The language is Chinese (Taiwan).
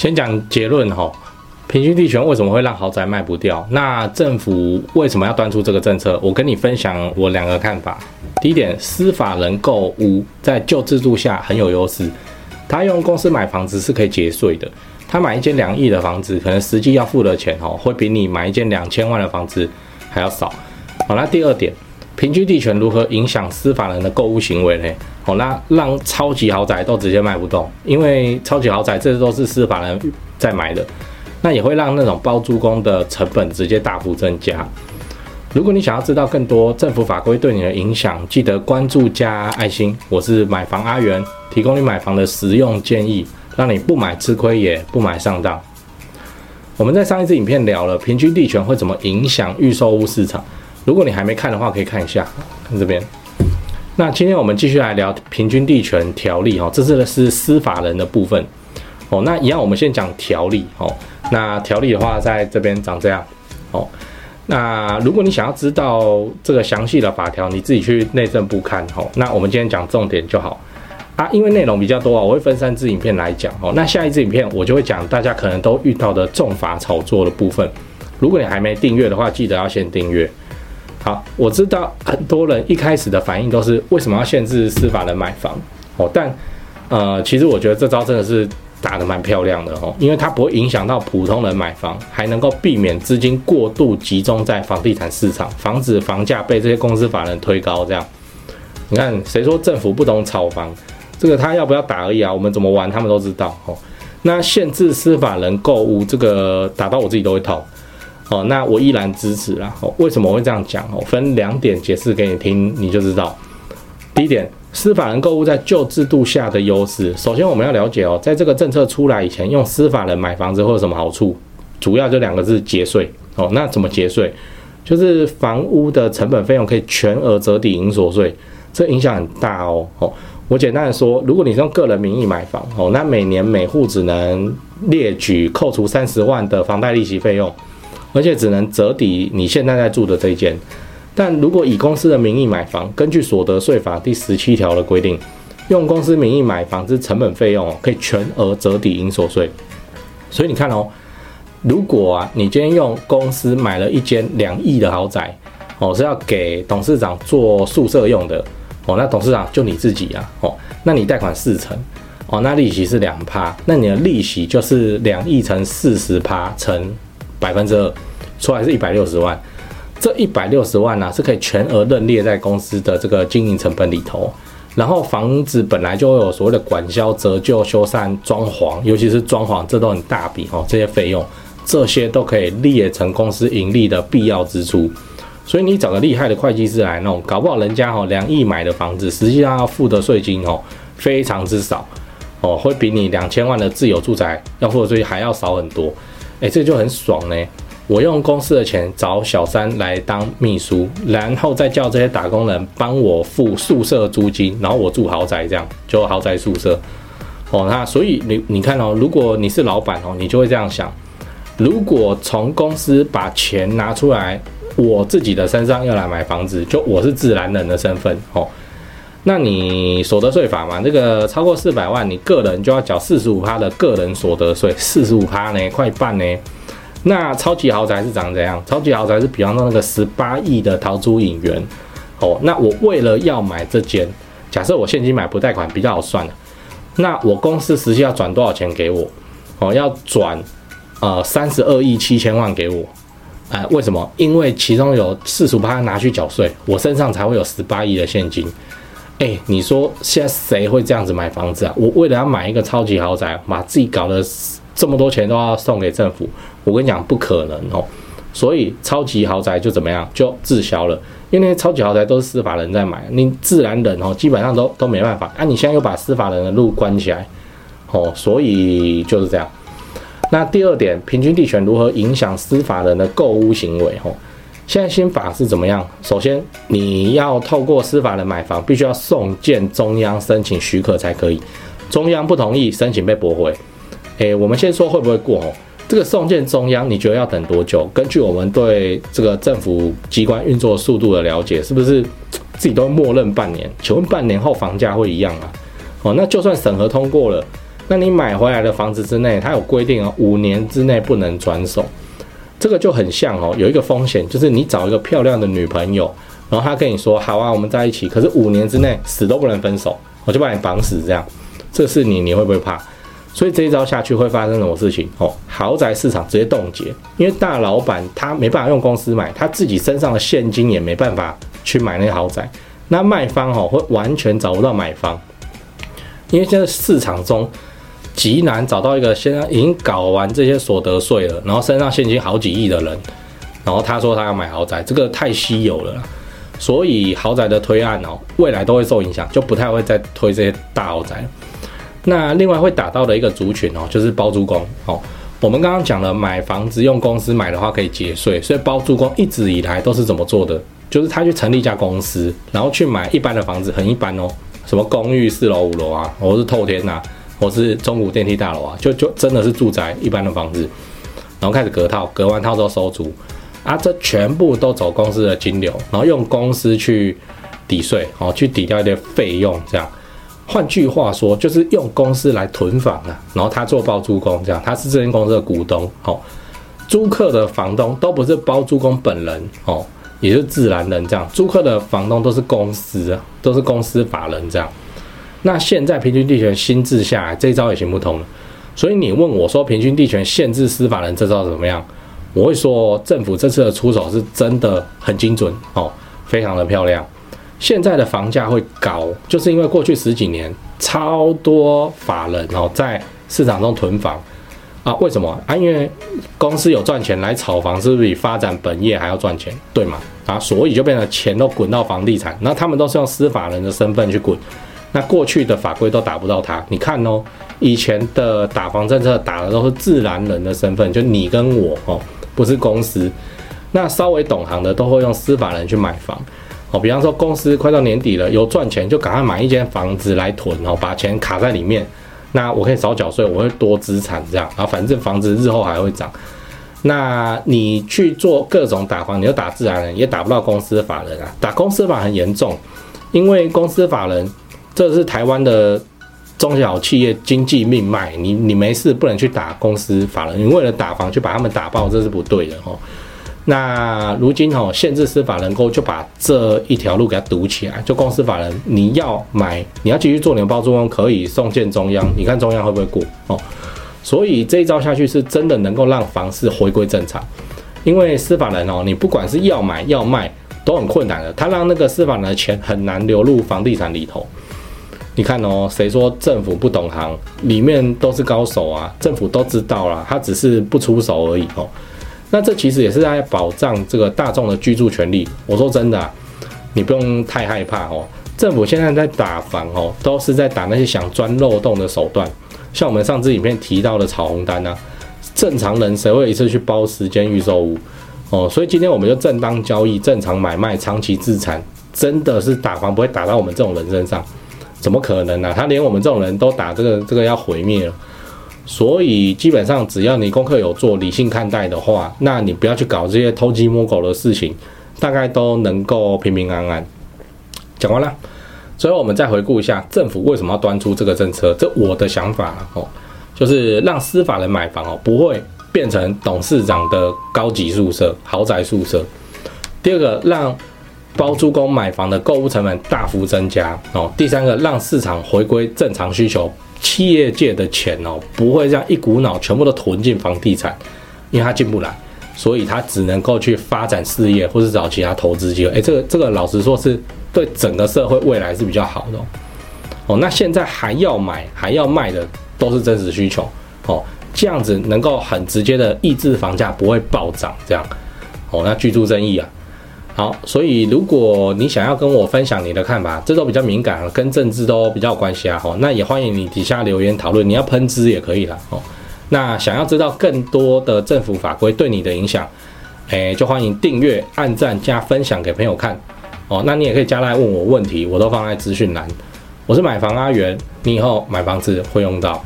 先講結論哈，平均地權為什麼會讓豪宅賣不掉？那政府為什麼要端出這個政策？我跟你分享我兩個看法。第一點，私法人購屋在舊制度下很有優勢，他用公司買房子是可以節稅的。他買一間兩億的房子，可能實際要付的錢哈會比你買一間兩千萬的房子還要少。好、哦，那第二點，平均地權如何影響私法人的購屋行為呢？那讓超級豪宅都直接賣不動，因為超級豪宅這都是私法人在買的，那也會讓那種包租公的成本直接大幅增加。如果你想要知道更多政府法規對你的影響，記得關注加愛心。我是買房阿元，提供你買房的實用建議，讓你不買吃虧也不買上當。我們在上一支影片聊了平均地權會怎麼影響預售屋市場，如果你還沒看的話，可以看一下，看這邊。那今天我們繼續來聊平均地權條例哈，這次呢是私法人的部分哦。那一樣，我們先講條例哦。那條例的話，在這邊長這樣哦。那如果你想要知道這個詳細的法條，你自己去內政部看哦。那我們今天講重點就好啊，因為內容比較多啊，我會分三支影片來講哦。那下一支影片我就會講大家可能都遇到的重罰炒作的部分。如果你還沒訂閱的話，記得要先訂閱。好，我知道很多人一開始的反應都是為什麼要限制私法人買房哦，但呃，其實我覺得這招真的是打得蠻漂亮的哦，因為它不會影響到普通人買房，還能夠避免資金過度集中在房地產市場，防止房價被這些公司法人推高。這樣，你看誰說政府不懂炒房，這個他要不要打而已啊，我們怎麼玩他們都知道哦。那限制私法人購物，這個打到我自己都會痛。哦，那我依然支持啦。哦，為什麼我會這樣講？哦，分兩點解釋給你聽，你就知道。第一點，私法人購房在舊制度下的優勢。首先，我們要了解哦，在這個政策出來以前，用私法人買房子會有什麼好處？主要就兩個字：節稅。哦，那怎麼節稅？就是房屋的成本費用可以全額折抵營所稅，這影響很大哦。哦，我簡單的說，如果你用個人名義買房，哦，那每年每戶只能列舉扣除三十萬的房貸利息費用。而且只能折抵你現在在住的這一間，但如果以公司的名義買房，根據所得稅法第十七條的規定，用公司名義買房之成本費用哦，可以全額折抵營所稅。所以你看哦，如果啊你今天用公司買了一間兩億的豪宅哦，是要給董事長做宿舍用的哦，那董事長就你自己啊哦，那你貸款四成哦，那利息是兩趴，那你的利息就是兩億乘四十趴乘。百分之二出來是一百六十萬，這一百六十萬呢、啊、是可以全額認列在公司的這個經營成本裡頭。然後房子本來就會有所謂的管銷折舊、修繕、裝潢，尤其是裝潢，這都很大筆哦，這些費用，這些都可以列成公司盈利的必要支出。所以你找個厲害的會計師來弄，搞不好人家哦兩億買的房子，實際上要付的稅金哦非常之少哦，會比你兩千萬的自有住宅要付的稅還要少很多。哎、欸，這個、就很爽呢。我用公司的錢找小三來當秘書，然後再叫這些打工人幫我付宿舍租金，然後我住豪宅，這樣就豪宅宿舍。哦，那所以你你看哦，如果你是老闆哦，你就會這樣想：如果從公司把錢拿出來，我自己的身上要來買房子，就我是自然人的身份哦。那你所得稅法嘛，這個超過四百萬，你個人就要繳四十五趴的個人所得稅，四十五趴呢，快一半呢。那超級豪宅是長怎樣？超級豪宅是比方說那個十八億的陶朱隱園，哦，那我為了要買這間，假設我現金買不貸款比較好算了。那我公司實際要轉多少錢給我？哦，要轉呃三十二億七千萬給我。哎、呃，為什麼？因為其中有四十五趴拿去繳稅，我身上才會有十八億的現金。哎、欸，你說現在誰會這樣子買房子啊？我為了要買一個超級豪宅，把自己搞得這麼多錢都要送給政府，我跟你講不可能哦。所以超級豪宅就怎麼樣，就滯銷了，因為那些超級豪宅都是私法人在買，你自然人哦，基本上都都沒辦法。那、啊、你現在又把私法人的路關起來，哦，所以就是這樣。那第二點，平均地權如何影響私法人的購屋行為？哦。現在新法是怎麼樣？首先，你要透過私法人買房，必須要送件中央申請許可才可以。中央不同意，申請被駁回。哎、欸，我們先說會不會過哦、喔？這個送件中央，你覺得要等多久？根據我們對這個政府機關運作速度的了解，是不是自己都默認半年？請問半年後房價會一樣嗎、啊？哦、喔，那就算審核通過了，那你買回來的房子之內，它有規定哦、喔，五年之內不能轉手。這個就很像哦，有一個風險，就是你找一個漂亮的女朋友，然後她跟你說好啊，我們在一起，可是五年之內死都不能分手，我就把你綁死這樣。這是你，你會不會怕？所以這一招下去會發生什麼事情？哦，豪宅市場直接凍結，因為大老板他沒辦法用公司買，他自己身上的現金也沒辦法去買那些豪宅，那賣方哦會完全找不到買方，因為現在市場中。極難找到一個現在已經搞完這些所得稅了，然後身上現金好幾億的人，然後他說他要買豪宅，這個太稀有了。所以豪宅的推案哦，未來都會受影響，就不太會再推這些大豪宅。那另外會打到的一個族群哦，就是包租公哦。我們剛剛講了買房子用公司買的話可以節稅，所以包租公一直以來都是怎麼做的？就是他去成立一家公司，然後去買一般的房子，很一般哦，什麼公寓四樓五樓啊，或是透天吶啊。我是中古電梯大樓啊，就就真的是住宅一般的房子，然後開始隔套，隔完套之後收租，啊，這全部都走公司的金流，然後用公司去抵稅，哦，去抵掉一點費用，這樣。換句話說，就是用公司來囤房的，啊，然後他做包租公，這樣，他是這間公司的股東，哦，租客的房東都不是包租公本人，哦，也是自然人，這樣，租客的房東都是公司，都是公司法人，這樣。那現在平均地權新制下來，這一招也行不通了。所以你問我說平均地權限制私法人這招怎麼樣？我會說政府這次的出手是真的很精準哦，非常的漂亮。現在的房價會高，就是因為過去十幾年超多法人哦在市場中囤房啊。為什麼啊？因為公司有賺錢來炒房，是不是比發展本業還要賺錢？對嗎？啊，所以就變成錢都滾到房地產，那他們都是用私法人的身份去滾。那過去的法規都打不到他，你看哦，以前的打房政策打的都是自然人的身份，就你跟我哦，不是公司。那稍微懂行的都會用私法人去買房哦，比方說公司快到年底了，有賺錢就趕快買一間房子來囤哦，然後把錢卡在裡面。那我可以少繳稅，我會多資產這樣，啊。反正房子日後還會漲。那你去做各種打房，你又打自然人，也打不到公司法人啊，打公司法很嚴重，因為公司法人。這是台灣的中小企業經濟命脈，你你沒事不能去打公司法人，你為了打房就把他們打爆，這是不對的哦、喔。那如今哦、喔，限制私法人購，就把這一條路給它堵起來，就公司法人你要買，你要繼續做你的包租公，可以送件中央，你看中央會不會過哦、喔？所以這一招下去是真的能夠讓房市回歸正常，因為私法人哦、喔，你不管是要買要賣都很困難的，他讓那個私法人的錢很難流入房地產裡頭。你看哦，誰說政府不懂行？裡面都是高手啊，政府都知道啦。他只是不出手而已哦。那這其實也是在保障這個大眾的居住權利。我說真的啊，你不用太害怕哦。政府現在在打房哦，都是在打那些想鑽漏洞的手段，像我們上次影片提到的炒紅單啊。正常人誰會一次去包十間預售屋？哦，所以今天我們就正當交易、正常買賣、長期資產，真的是打房不會打到我們這種人身上。怎麼可能呢？啊？他連我們這種人都打，這個這個要毀滅了。所以基本上只要你功課有做，理性看待的話，那你不要去搞這些偷雞摸狗的事情，大概都能夠平平安安。講完了，最後我們再回顧一下政府為什麼要端出這個政策？這我的想法哦，就是讓私法人買房哦，不會變成董事長的高級宿舍、豪宅宿舍。第二個讓。包租公買房的購物成本大幅增加哦。第三個，讓市場回歸正常需求，企業界的錢哦，不會這樣一股腦全部都囤進房地產，因為它進不來，所以他只能夠去發展事業或是找其他投資機會。誒、欸，這個這個老實說是對整個社會未來是比較好的哦，哦，那現在還要買還要賣的都是真實需求哦，這樣子能夠很直接的抑制房價不會暴漲這樣哦。那居住正義啊。好，所以如果你想要跟我分享你的看法，這都比較敏感，跟政治都比較有關係啊。好，那也歡迎你底下留言討論，你要噴資也可以啦。哦，那想要知道更多的政府法規對你的影響，誒、欸，就歡迎訂閱、按讚加分享給朋友看。哦，那你也可以加來問我問題，我都放在資訊欄。我是買房阿元，你以後買房子會用到。